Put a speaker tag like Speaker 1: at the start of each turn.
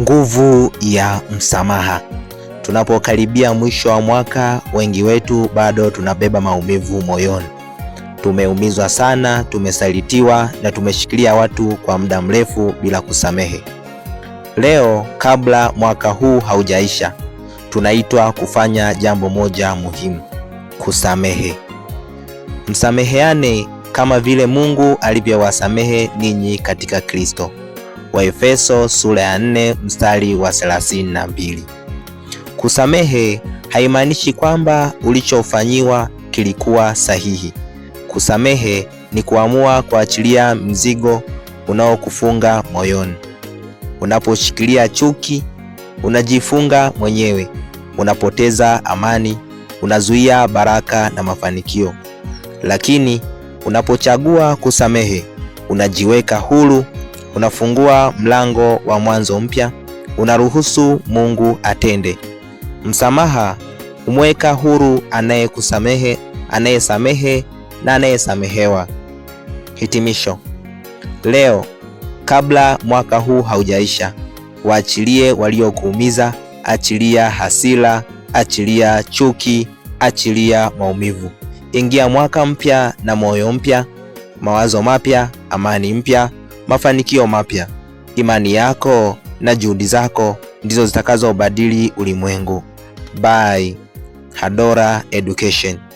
Speaker 1: Nguvu ya msamaha. Tunapokaribia mwisho wa mwaka, wengi wetu bado tunabeba maumivu moyoni. Tumeumizwa sana, tumesalitiwa na tumeshikilia watu kwa muda mrefu bila kusamehe. Leo, kabla mwaka huu haujaisha, tunaitwa kufanya jambo moja muhimu: kusamehe. Msameheane kama vile Mungu alivyowasamehe ninyi katika Kristo. Waefeso sura ya 4 mstari wa 32. Kusamehe haimaanishi kwamba ulichofanyiwa kilikuwa sahihi. Kusamehe ni kuamua kuachilia mzigo unaokufunga moyoni. Unaposhikilia chuki, unajifunga mwenyewe, unapoteza amani, unazuia baraka na mafanikio. Lakini unapochagua kusamehe, unajiweka huru unafungua mlango wa mwanzo mpya, unaruhusu Mungu atende. Msamaha humweka huru anayekusamehe, anayesamehe na anayesamehewa. Hitimisho: leo, kabla mwaka huu haujaisha, waachilie waliokuumiza, achilia hasira, achilia chuki, achilia maumivu. Ingia mwaka mpya na moyo mpya, mawazo mapya, amani mpya mafanikio mapya. Imani yako na juhudi zako ndizo zitakazobadili ulimwengu. By Hadora Education.